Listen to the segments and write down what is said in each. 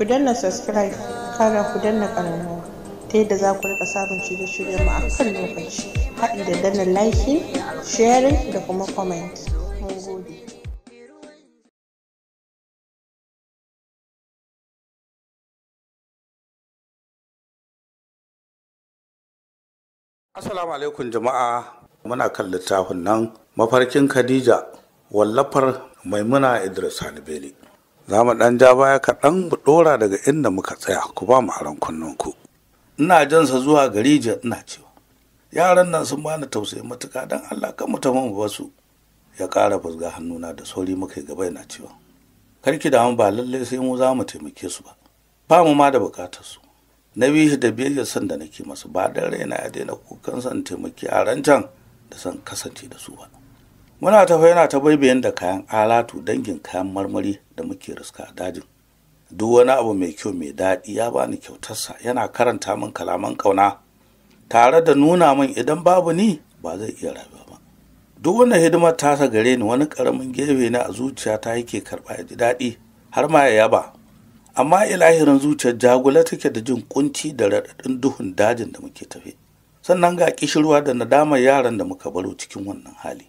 ku danna subscribe kara ku danna ƙararrawa ta yadda za ku rika samun shirye shiryen mu a kan lokaci haɗi da danna like sharing da kuma comment gode Assalamu alaikum jama'a muna kan littafin nan mafarkin Khadija wallafar Maimuna Idris Hanbeli za mu ɗan ja baya kaɗan mu ɗora daga inda muka tsaya ku ba mu aron ku ina jansa zuwa gari jiya ina cewa yaran nan sun bani tausayi matuka dan allah kan mu ta mu basu ya ƙara fusga hannuna da sauri muka yi gaba ina cewa Kar ki da ba lallai sai mu za mu taimake su ba ba mu ma da buƙatar su na bi shi da biyayyar son da nake masu ba dan raina ya daina kukan son taimaki a rancan da son kasance da su ba muna tafa yana ta baibayin da kayan alatu dangin kayan marmari da muke riska a dajin duk wani abu mai kyau mai daɗi ya bani kyautarsa yana karanta min kalaman ƙauna tare da nuna min idan babu ni ba zai iya rayuwa ba duk wannan hidimar tasa gare ni wani ƙaramin gefe na a zuciyata yake karɓa ya ji daɗi har ma ya yaba amma ilahirin zuciyar jagula take da jin kunci da raɗaɗin duhun dajin da muke tafe sannan ga kishirwa da nadamar yaran da muka baro cikin wannan hali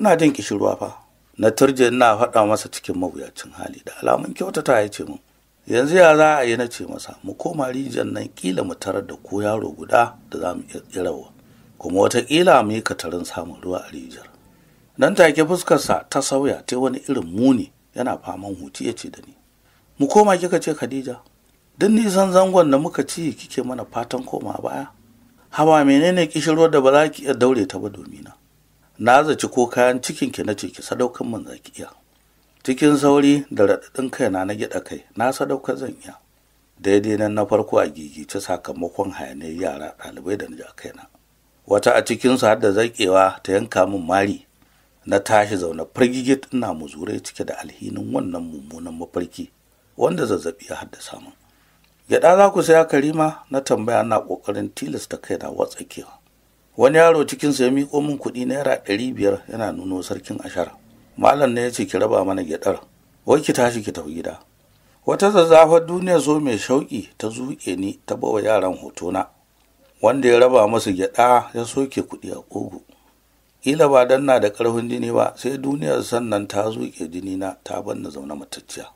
ina jin kishirwa fa na turje ina faɗa masa cikin mawuyacin hali da alamun kyautata ya ce min. yanzu ya za a yi na ce masa mu koma rijiyar nan kila mu tarar da ko yaro guda da za mu iya tsirawa kuma wataƙila mu yi katarin samun ruwa a rijiyar nan take fuskarsa ta sauya ta wani irin muni yana faman huci ya ce da ni mu koma kika ce khadija duk nisan zangon da muka ci kike mana fatan koma baya hawa menene kishirwar da ba za ki iya daure ta ba domina na zaci ko kayan cikin ki na ce ki sadaukar mun zaki cikin sauri da raɗaɗin kaina na gyaɗa kai na sadaukar zan iya daidai nan na farko a gigice sakamakon hayaniyar yara ɗalibai da na kaina wata a cikinsu har da zaƙewa ta yanka min mari na tashi zaune firgigit ina muzurai cike da alhinin wannan mummunan mafarki wanda zazzaɓi ya haddasa min gyaɗa za ku saya karima na tambaya na ƙoƙarin tilasta kaina watsakewa wani yaro cikinsa ya miko min kuɗi naira ɗari biyar yana nuno sarkin ashara malam ne ya ce ki raba mana gyaɗar wai ki tashi ki tafi gida wata zazzafar duniya zo mai shauƙi ta zuƙe ni ta bawa yaran hotona wanda ya raba masu gyaɗa ya soke kuɗi a ƙugu ƙila ba dan na da ƙarfin jini ba sai duniyar sannan ta zuƙe jini na ta banna zauna matacciya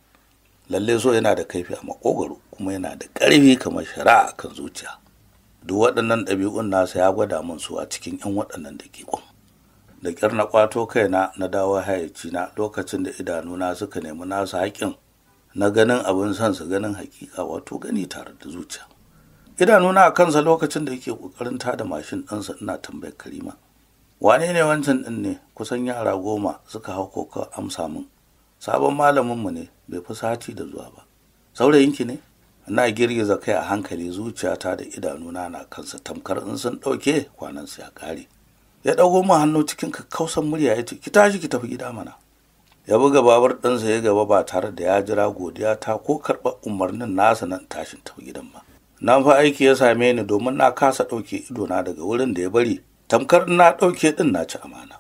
lalle so yana da kaifi a maƙogwaro kuma yana da ƙarfi kamar shara'a kan zuciya duk waɗannan ɗabi'un nasa ya gwada min su a cikin 'yan waɗannan daƙiƙun da ƙyar na ƙwato kaina na dawo na lokacin da idanuna suka nemi nasa haƙƙin na ganin abin son su ganin haƙiƙa wato gani tare da zuciya idanuna a kansa lokacin da yake ƙoƙarin tada mashin ɗansa ina tambayar karima wane ne wancan ɗin ne kusan yara goma suka hau koko amsa min sabon malaminmu ne bai fi sati da zuwa ba saurayinki ne na girgiza kai a hankali zuciyata da idanuna na kansa tamkar in sun ɗauke kwanansa ya ƙare ya ɗago mu hannu cikin kakkausan murya ya ce ki tashi ki tafi gida mana ya buga babar ɗinsa ya gaba ba tare da ya jira godiya ta ko karɓar umarnin nasa nan tashin tafi gidan ba nan fa aiki ya same ni domin na kasa ɗauke idona daga wurin da ya bari tamkar na ɗauke ɗin na ci amana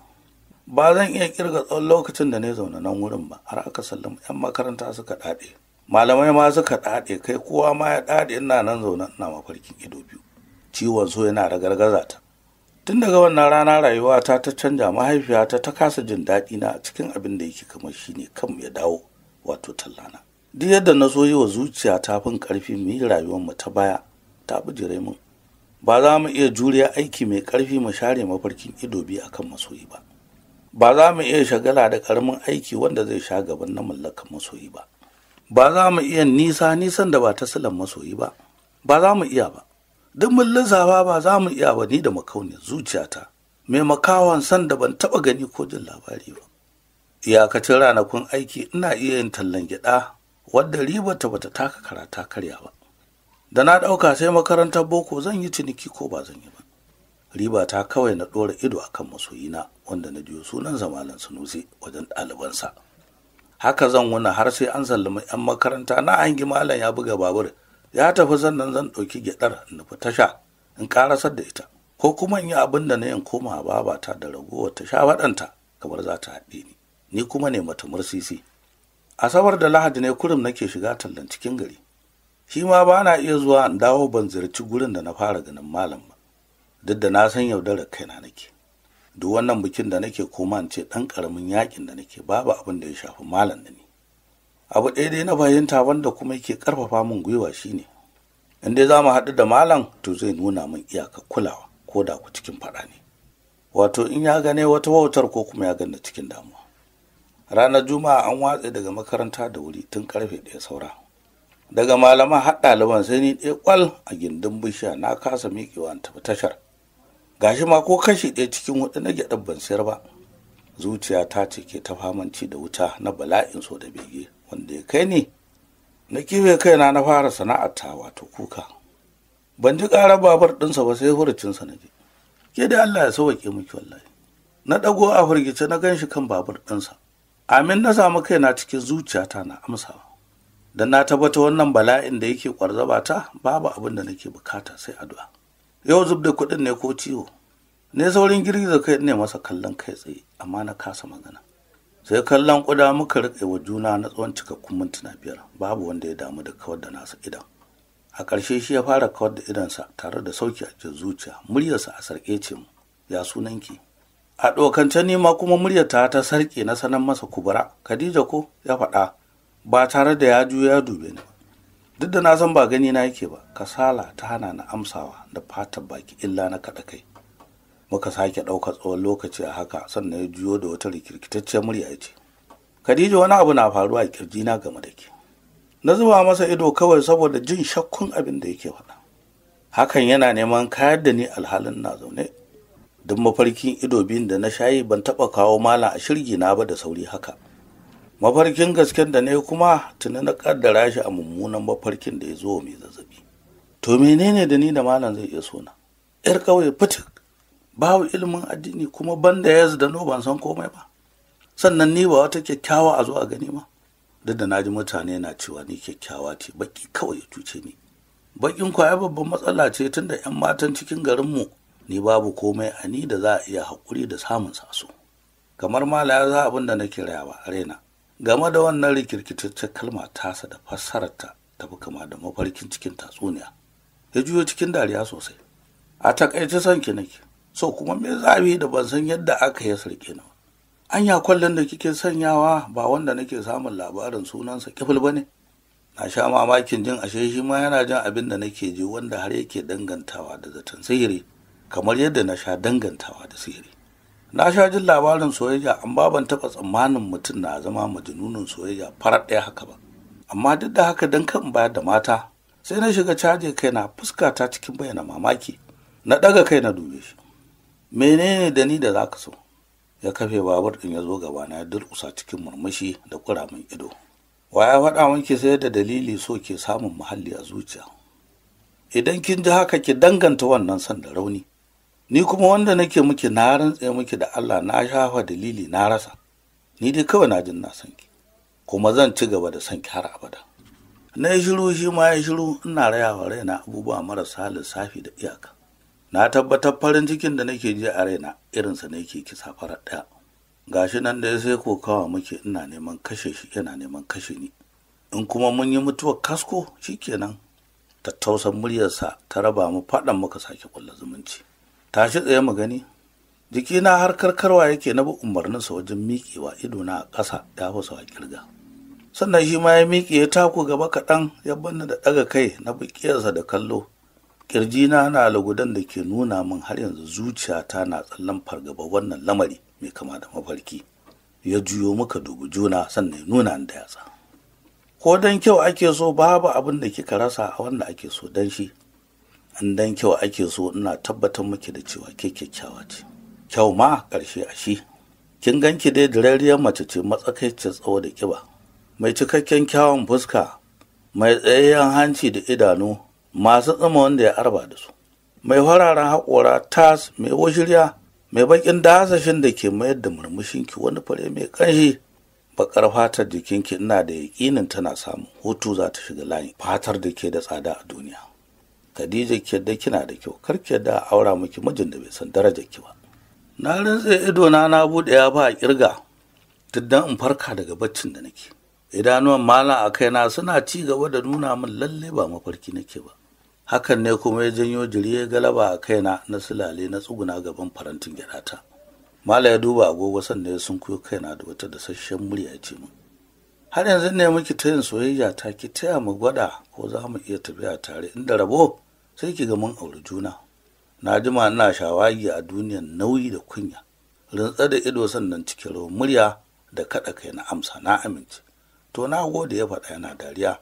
ba zan iya kirga tsawon lokacin da na zaune nan wurin ba har aka sallama 'yan makaranta suka ɗaɗe malamai ma suka ɗaɗe kai kowa ma ya ɗaɗe ina nan zaune ina mafarkin ido biyu ciwon so yana ragargaza ta tun daga wannan rana rayuwa ta ta canja mahaifiyata ta kasa jin daɗi na cikin abin da yake kamar ne kan ya dawo wato tallana duk yadda na so yi wa zuciya ta fin ƙarfi mu yi rayuwar mu ta baya ta bijire mun ba za mu iya juriya aiki mai ƙarfi mu share mafarkin ido biyu akan masoyi ba ba za mu iya shagala da ƙaramin aiki wanda zai sha gaban na mallakan masoyi ba ba za mu iya nisa nisan da ba ta silan masoyi ba ba za mu iya ba duk mun lissafa ba za mu iya ba ni da makaunin zuciyata mai makawan san da ban taɓa gani ko jin labari ba iyakacin ranakun aiki ina iya yin tallan gyaɗa wadda ribar ta bata taka karata karya ba da na ɗauka sai makarantar boko zan yi ciniki ko ba zan yi ba riba ta kawai na ɗora ido akan masoyina wanda na biyo sunan zamanin sunusi wajen ɗalibansa haka zan wuna har sai an sallami 'yan makaranta na an hangi malam ya buga babur ya tafi sannan zan ɗauki gyaɗar in nufi tasha in ƙarasar da ita ko kuma in yi abin da na yin koma babata da ragowar ta sha waɗanta kamar za ta haɗe ni ni kuma ne mata mursisi asabar da lahadi ne kurum nake shiga tallan cikin gari shi ma ba na iya zuwa in dawo ban ziyarci gurin da na fara ganin malam ba duk da na san yaudarar kaina nake duk wannan bikin da nake koma ce ɗan ƙaramin yakin da nake babu abin da ya shafi malam da ni abu ɗaya dai na fahimta wanda kuma yake karfafa min gwiwa shine in dai za mu haɗu da malam to zai nuna min iyaka kulawa ko da ku cikin faɗa ne wato in ya gane wata wautar ko kuma ya gane cikin damuwa ranar juma'a an watse daga makaranta da wuri tun karfe ɗaya saura daga malaman har ɗaliban sai ni ɗaya kwal a gindin bishiya na kasa miƙewa in tafi tashar gashi ma ko kashi ɗaya cikin hudu na gyaɗar ban sayar ba zuciya ta ce ke ta famanci da wuta na bala'in so da bege wanda ya kai ni na kiwe kaina na fara sana'ar ta wato kuka ban ji ƙarar babar ɗinsa ba sai hurucinsa na je ke da Allah ya sauwaƙe miki wallahi na ɗago a firgice na ganshi kan babur ɗinsa amin na samu kaina cikin zuciyata na amsawa don na tabbata wannan bala'in da yake ƙwarzaba ta babu abin da nake bukata sai addu'a yau zub da kuɗin ne ko ciwo ne saurin girgiza kai ne masa kallon kai tsaye amma na kasa magana sai kallon ƙuda muka riƙe wa juna na tsawon cikakkun mintuna biyar babu wanda ya damu da kawar da nasa idan a ƙarshe shi ya fara kawar da idansa tare da sauki a cikin zuciya muryarsa a sarƙe ce mu ya sunanki a ɗokance ni ma kuma muryar ta ta sarƙe na sanan masa kubura khadija ko ya faɗa ba tare da ya juya ya dube ni ba duk da na san ba gani na yake ba kasala ta hana na amsawa da fatan baki illa na kaɗa kai muka sake ɗauka tsawon lokaci a haka sannan ya juyo da wata rikirkitacciyar murya ya ce khadija wani abu na faruwa a kirji na game da ke na zuba masa ido kawai saboda jin shakkun abin da yake faɗa hakan yana neman kayar da ni alhalin na zaune duk mafarkin ido biyun da na shayi ban taɓa kawo malam a shirgi na ba da sauri haka mafarkin gasken da ne kuma tuni na kaddara shi a mummunan mafarkin da ya zo mai zazzabi to menene da ni da malam zai iya sona yar ƙauye fitik babu ilimin addini kuma banda ya da no ban san komai ba sannan ni ba wata kyakkyawa a zo a gani ma duk da na ji mutane na cewa ni kyakkyawa ce baki kawai ya cuce ni bakin kwaya babban matsala ce tun da yan matan cikin garinmu ni babu komai a ni da za a iya haƙuri da samun saso kamar mala ya za abin da na kirawa raina game da wannan rikirkitaccen kalma tasa da fassararta ta fi kama da mafarkin cikin tatsuniya ya juyo cikin dariya sosai a takaice son ki nake so kuma me zabi da ban san yadda aka ya sarke ni anya kwallon da kike sanyawa ba wanda nake samun labarin sunansa kifil ba ne na sha mamakin jin ashe shi ma yana jin abin da nake ji wanda har yake dangantawa da zaton sihiri kamar yadda na sha dangantawa da sihiri na sha jin labarin soyayya ba ban taba tsammanin mutum na zama majinunin soyayya farar ɗaya haka ba amma duk da haka don kan bayar da mata sai na shiga caje kai na fuska ta cikin bayyana mamaki na ɗaga kai na dube shi menene da ni da za ka so ya kafe babur ɗin ya zo gaba na ya durƙusa cikin murmushi da ƙuramin ido wa ya faɗa wanke sai da dalili so ke samun muhalli a zuciya idan kin ji haka ki danganta wannan son da rauni ni kuma wanda nake miki na rantse miki da Allah na shafa dalili na rasa ni dai kawai na jin na san ki kuma zan ci gaba da san ki har abada na yi shiru shi ma ya shiru ina rayawa raina abubuwa marasa lissafi da iyaka na tabbatar farin cikin da nake ji a raina irinsa ne ke kisa fara ɗaya gashi nan da ya sai kokawa muke ina neman kashe shi yana neman kashe ni in kuma mun yi mutuwar kasko shikenan tattausan muryarsa ta raba mu faɗan muka sake kulla zumunci tashi tsaye mu gani jikina har karkarwa yake na bi umarninsa wajen miƙewa idona a ƙasa ya fasa a kirga sannan shi ma ya miƙe ya taku gaba kaɗan ya banna da ɗaga kai na buƙiyarsa da kallo ƙirjina na lagudan da ke nuna min har yanzu zuciyata na tsallan fargaba wannan lamari mai kama da mafarki ya juyo muka dubi juna sannan ya nuna da yatsa ko don kyau ake so babu abin da kika rasa a wanda ake so don shi in dan kyau ake so ina tabbatar miki da cewa ke kyakkyawa ce kyau ma karshe a shi kin ganki dai dirariyar mace ce matsakaici tsawo da kiba mai cikakken kyawun fuska mai tsayayyen hanci da idanu masu tsima wanda ya arba da su mai fararen haƙora tas mai washirya mai baƙin dasashin da ke mayar da murmushinki wani fare mai ƙanshi bakar fatar jikinki ina da yaƙinin tana samun hutu za ta shiga layi fatar da ke da tsada a duniya Khadija ki yadda kina da kyau kar ki yadda aura miki mijin da bai san darajar ki ba na rantse ido na na bude ya ba kirga tuddan in farka daga baccin da nake idanuwan malam a kaina suna ci gaba da nuna min lalle ba mafarki nake ba hakan ne kuma ya janyo jiri galaba a kaina na sulale na tsuguna gaban farantin gyarata mala ya duba agogo sannan ya sunkuyo kaina da wata dasasshen murya ya ce min har yanzu ne muke ta yin soyayya ta ki taya mu gwada ko za mu iya tafiya tare inda rabo sai ki ga mun auri juna na jima ina shawagi a duniyan nauyi da kunya rintsa da ido sannan cikin rawar murya da kaɗa kai na amsa na amince to na gode ya faɗa yana dariya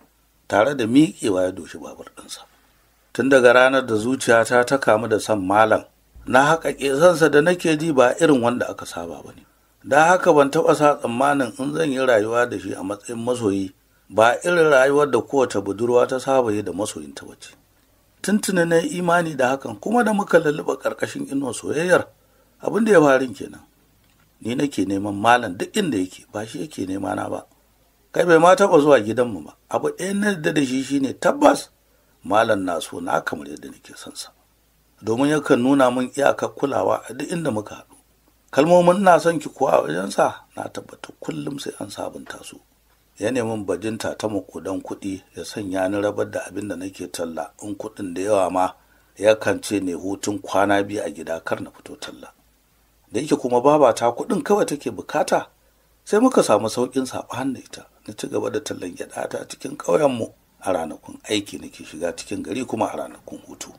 tare da miƙewa ya doshi babur ɗinsa tun daga ranar da zuciyata ta kamu da son malam na haƙaƙe sansa da nake ji ba irin wanda aka saba ba ne don haka ban taɓa sa tsammanin in zan yi rayuwa da shi a matsayin masoyi ba irin rayuwar da kowace budurwa ta saba yi da masoyinta ba wace. tuntuni na imani da hakan kuma da muka lalluɓa ƙarƙashin ino soyayyar abin da ya farin kenan ni nake neman malam duk inda yake ba shi yake nema na ba kai bai ma taɓa zuwa gidanmu ba abu ɗaya na da da shi shine tabbas malam na so na kamar yadda nake son sa domin yakan nuna mun iyakar kulawa a duk inda muka haɗu kalmomin na son ki kuwa a wajensa na tabbata kullum sai an sabunta su ya nemi bajinta ta makudan kuɗi ya sanya ni rabar da abin da nake talla in kuɗin da yawa ma ya ce ne hutun kwana biyu a gida kar na fito talla da yake kuma babata kuɗin kawai take bukata sai muka samu sauƙin saɓan da ita na ci gaba da tallan gyaɗa ta cikin ƙauyenmu a ranakun aiki nake shiga cikin gari kuma a ranakun hutu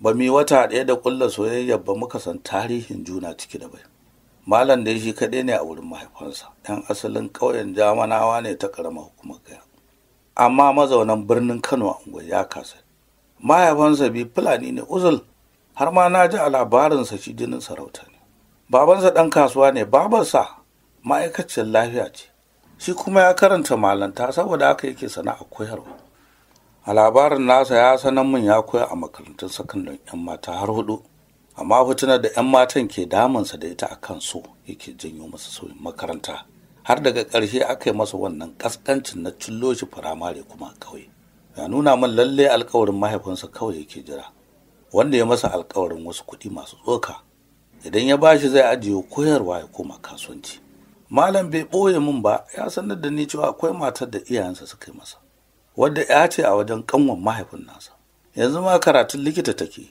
ba mu yi wata ɗaya da ƙulla soyayya ba muka san tarihin juna ciki da bai malam dai shi kaɗai ne a wurin mahaifansa yan asalin ƙauyen jamanawa ne ta ƙaramar hukumar gaya amma mazaunan birnin kano a unguwar ya kasa mahaifansa bi fulani ne uzul har ma na ji a labarinsa shi jinin sarauta ne babansa ɗan kasuwa ne sa ma'aikaciyar lafiya ce shi kuma ya karanta malanta saboda haka yake sana'a koyarwa a labarin nasa ya sanar min ya koya a makarantun sakandaren 'yan mata har hudu amma fitinar da 'yan matan ke damansa da ita a kan so yake janyo masa sauyin makaranta har daga ƙarshe aka yi masa wannan ƙasƙancin na cillo shi firamare kuma kawai ya nuna min lalle alkawarin mahaifinsa kawai yake jira wanda ya masa alkawarin wasu kuɗi masu tsoka idan ya bashi zai ajiye koyarwa ya koma kasuwanci malam bai ɓoye min ba ya sanar da ni cewa akwai matar da iyayensa suka yi masa wadda ya ce a wajen kanwan mahaifin nasa yanzu ma karatun likita take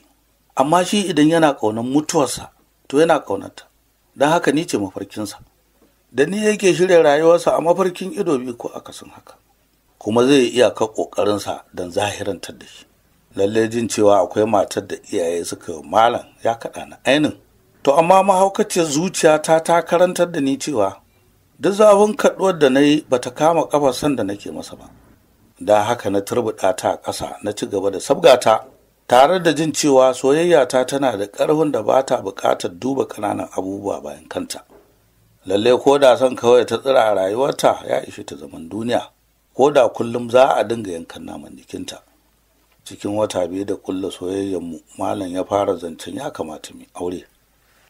amma shi idan yana ƙaunar mutuwarsa to yana ƙaunarta don haka ni ce mafarkinsa da ni yake shirya rayuwarsa a mafarkin ido biyu ko akasin haka kuma zai iya ka ƙoƙarinsa don zahirantar da shi lallai jin cewa akwai matar da iyaye suka yi malam ya kaɗa na ainin to amma mahaukaciyar zuciya ta ta karantar da ni cewa duk zafin kaɗuwar da na yi ba ta kama ƙafar san da nake masa ba da haka na turbuɗa ta a ƙasa na ci gaba da sabgata tare da jin cewa soyayyata tana da ƙarfin da ba ta buƙatar duba ƙananan abubuwa bayan kanta lalle ko da son kawai ta tsira a rayuwarta ya ishe ta zaman duniya ko da kullum za a dinga yankan naman jikinta cikin wata biyu da kulla soyayyanmu, malam ya fara zancen ya kamata mu aure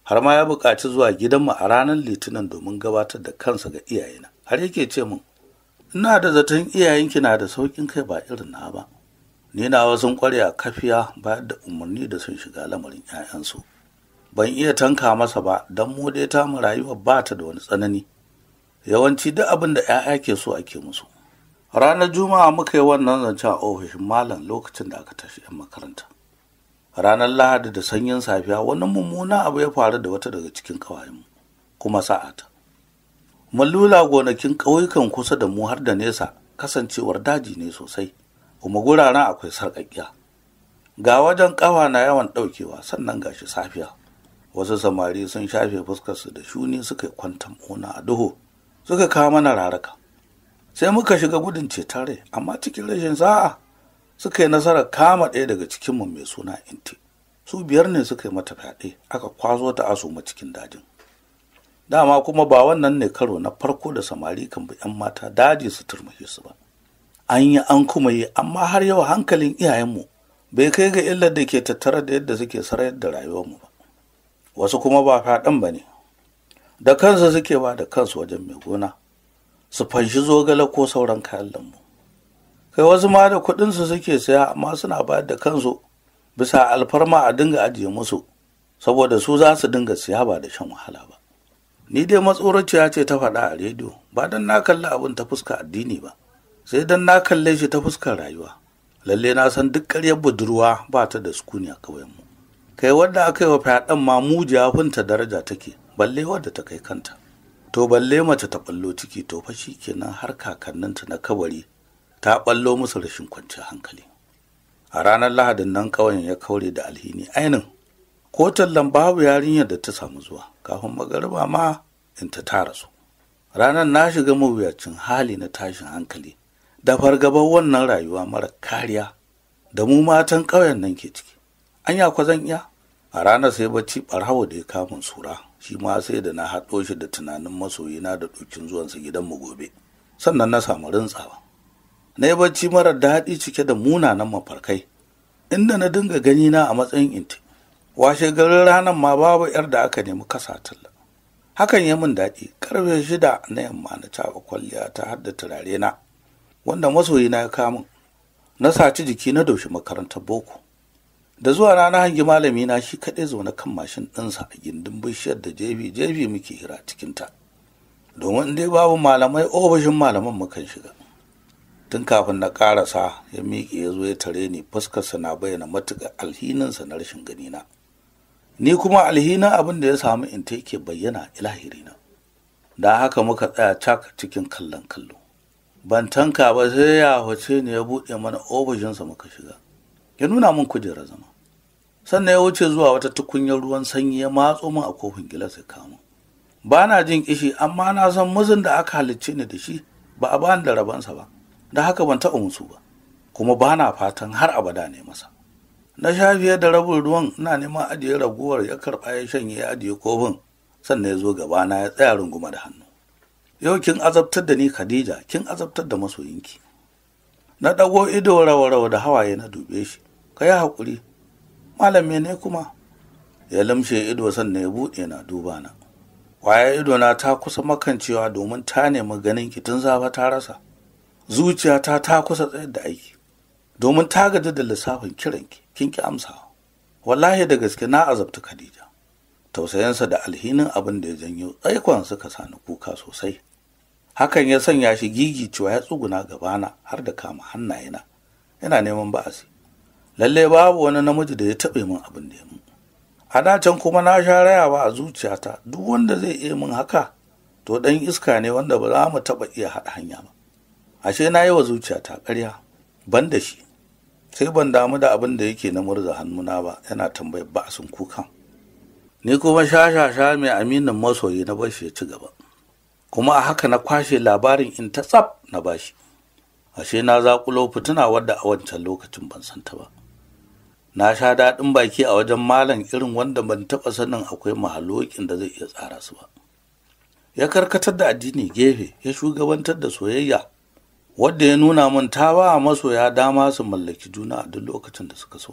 har ma ya buƙaci zuwa gidanmu a ranar litinin domin gabatar da kansa ga iyayena har yake ce min ina da zaton iyayenki na da sauƙin kai ba irin na ba ni na sun kafiya ba da umarni da sun shiga lamarin 'ya'yansu ban iya tanka masa ba don mu dai ta mu rayuwa ba ta da wani tsanani yawanci duk abin da 'ya'ya ke so ake musu ranar juma'a muka yi wannan zance a ofishin malam lokacin da aka tafi 'yan makaranta ranar lahadi da sanyin safiya wani mummuna abu ya faru da wata daga cikin kawayenmu kuma sa'ata mallula gonakin ƙauyukan kusa da mu har da nesa kasancewar daji ne sosai kuma guraren akwai sarƙaƙƙiya. ga wajen ƙawa na yawan ɗaukewa sannan ga shi safiya wasu samari sun shafe fuskarsu da shuni suka yi kwantan ona a duhu suka kawo mana raraka sai muka shiga gudun cetare amma cikin rashin sa'a suka yi nasarar kama ɗaya daga cikinmu mai suna inti su biyar ne suka yi mata fyaɗe aka kwaso ta asuma cikin dajin dama kuma ba wannan ne karo na farko da samari kan bi 'yan mata daji su turmuke su ba an yi an kuma yi amma har yau hankalin iyayenmu bai kai ga illar da ke tattare da yadda suke sarayar da rayuwarmu ba wasu kuma ba faɗan ba ne da kansu suke ba da kansu wajen mai gona su fanshi zogale ko sauran kayan lambu kai wasu ma da kuɗinsu suke saya amma suna bayar da kansu bisa alfarma a dinga ajiye musu saboda su za su dinga siya ba da shan wahala ba ni dai matsoraciya ce ta faɗa a rediyo ba don na kalli abin ta fuska addini ba sai don na kalle shi ta fuskar rayuwa lalle na san duk ƙaryar budurwa ba ta da sukuni a mu kai wadda aka yi wa fyaɗen ma mujiya funta daraja take balle wadda ta kai kanta to balle mace ta ɓallo ciki to fa shi kenan har kakanninta na kabari ta ɓallo musu rashin kwanciyar hankali a ranar lahadin nan ƙauyen ya kaure da alhini ainin ko tallan babu yarinyar da ta samu zuwa kafin magariba ma in ta tara su ranar na shiga mawuyacin hali na tashin hankali da fargabar wannan rayuwa mara kariya da mu matan ƙauyen nan ke ciki an ya kwa zan iya a ranar sai bacci ɓarhawa da ya kamun sura shi ma sai da na haɗo shi da tunanin masoyina da ɗokin zuwansa gidanmu gobe sannan na samu rintsawa na yi bacci marar daɗi cike da munanan mafarkai inda na dinga gani na a matsayin inti washe garin ranar ma babu yar da aka nemi kasa talla hakan ya min daɗi karfe shida na yamma na taɓa kwalliya ta har turare na wanda masoyi na ya kamun na saci jiki na doshi makarantar boko da zuwa rana hangi malami na shi kaɗai zaune kan mashin ɗinsa a gindin bishiyar da jefi jefi muke hira cikin ta domin dai babu malamai ofishin malaman mukan shiga tun kafin na ƙarasa ya miƙe ya zo ya tare ni fuskarsa na bayyana matuƙar alhininsa na rashin ganina. ni kuma alhina abin da ya samu in ta yake bayyana ilahirina da haka muka tsaya cak cikin kallon kallo ban tanka ba sai ya hoce ne ya buɗe mana ofishinsa muka shiga ya nuna mun kujerar zama sannan ya wuce zuwa wata tukunyar ruwan sanyi ya matso mun a kofin gilas ya kama ba na jin kishi amma na san mazin da aka halicce ni da shi ba a bani da rabansa ba da haka ban taɓa musu ba kuma ba na fatan har abada ne masa na sha fiye da rabin ruwan ina neman ajiye raguwar ya karɓa ya shanye ya ajiye kofin sannan ya zo gaba na, ya tsaya runguma da hannu yau kin azabtar da ni khadija kin azabtar da masoyinki na ɗago ido rawa-rawa da hawaye na dube shi ka yi haƙuri malam ne kuma ya lamshe ido sannan ya buɗe na duba na ido na ta kusa makancewa domin ta nemi ganin ki tun safe ta rasa zuciyata ta kusa tsayar da aiki domin ta gaji da lissafin kiranki kin ki amsa wallahi da gaske na azabta Khadija tausayinsa da alhinin abin da ya janyo tsaikon suka sani kuka sosai hakan ya sanya shi gigi gigicewa ya tsuguna gabana har da kama hannayena yana neman ba'asi lalle babu wani namiji da ya taɓe min abin da ya mun a da can kuma na sha rayawa a zuciyata duk wanda zai iya min haka to dan iska ne wanda ba za mu taɓa iya haɗa hanya ba ashe na yi wa zuciyata ƙarya ban da shi sai ban damu da abin da yake na murza hannuna ba yana tambayar ba sun kukan ni kuma shashasha mai aminin masoyi na bashi ya ci gaba kuma a haka na kwashe labarin in ta tsaf na bashi ashe na zakulo fituna wadda a wancan lokacin ban san ta ba na sha daɗin baki a wajen malam irin wanda ban taɓa sanin akwai mahalokin da zai iya tsara su ba ya karkatar da addini gefe ya shugabantar da soyayya wadda ya nuna min ta ba masoya dama su mallaki juna a duk lokacin da suka so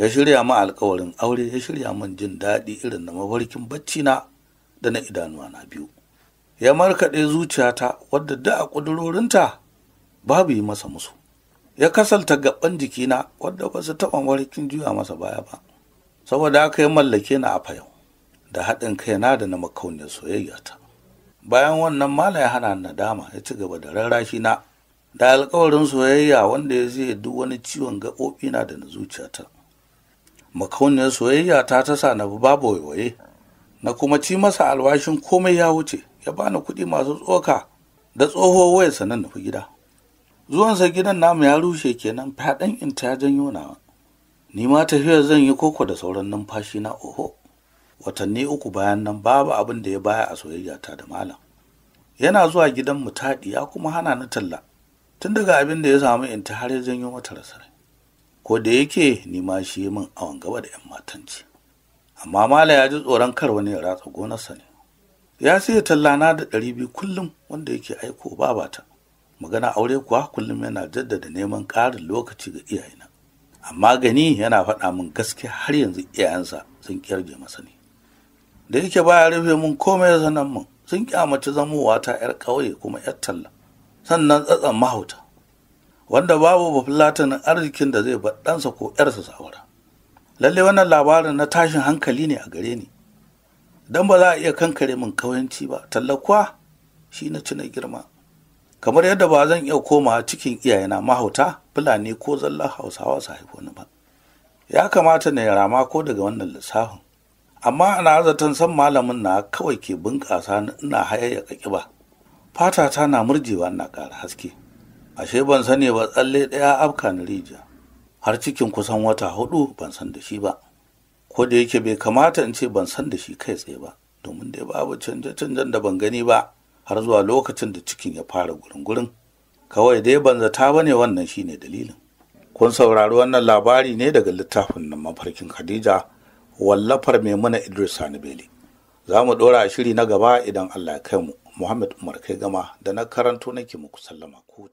ya shirya min alkawarin aure ya shirya min jin daɗi irin na mafarkin bacci na da na idanuwa na biyu ya markaɗe zuciyata wadda da a ƙudurorinta babu yi masa musu ya kasalta gaban jikina wadda ba su taɓa warkin juya masa baya ba saboda haka ya mallake ni a fayau da haɗin kai na da na makauniyar soyayyata bayan wannan mala ya hana nadama ya ci gaba da rarrashi na da alkawarin soyayya wanda ya zai duk wani ciwon gaɓoɓi na da na zuciyata makauniyar soyayya ta ta sa na babu waiwaye na kuma ci masa alwashin komai ya wuce ya bani kuɗi masu tsoka da tsoho waya sanan nufi gida zuwansa gidan namu ya rushe kenan fyaɗan inta ya janyo nawa ni ma tafiyar zan yi koko da sauran numfashi na oho watanni uku bayan nan babu abin da ya baya a soyayya ta da malam yana zuwa gidan mu taɗi ya kuma hana ni talla tun daga abin da ya samu in ta har ya janyo mata rasar ko da yake ni ma shi min awan gaba da yan matanci amma malam ya ji tsoron kar wani ya ratsa gonarsa ne ya siya talla na da ɗari biyu kullum wanda yake aiko babata magana aure kuwa kullum yana jaddada neman ƙarin lokaci ga iyayena amma gani yana faɗa min gaskiya har yanzu iyayensa sun ƙirge masa ne da yake baya rufe mun komai ya sanan mun sun kyamaci zamowa ta yar ƙauye kuma yar talla sannan tsatsan mahauta wanda babu bafulatanin arzikin da zai bar ɗansa ko yarsa sawara lalle wannan labarin na tashin hankali ne a gare ni don ba za a iya kankare min kawanci ba talla kuwa shi na ci na girma kamar yadda ba zan iya koma cikin iyayena mahauta fulani ko zallar hausawa su ba ya kamata na rama ko daga wannan lissafin amma ana zaton san malamin na kawai ke bunƙasa ina hayayyaka kiba fata ta na murjewa na ƙara haske ashe ban sani ba tsalle ɗaya afka na rijiya har cikin kusan wata hudu ban san da shi ba ko da yake bai kamata in ce ban san da shi kai tsaye ba domin dai babu canje-canjen da ban gani ba har zuwa lokacin da cikin ya fara gurin-gurin kawai dai ban zata bane wannan shine dalilin kun saurari wannan labari ne daga littafin nan mafarkin khadija wallafar mana idris sani bele za mu ɗora shiri na gaba idan allah ya kai mu muhammad umar kai gama da na karanto nake muku sallama ku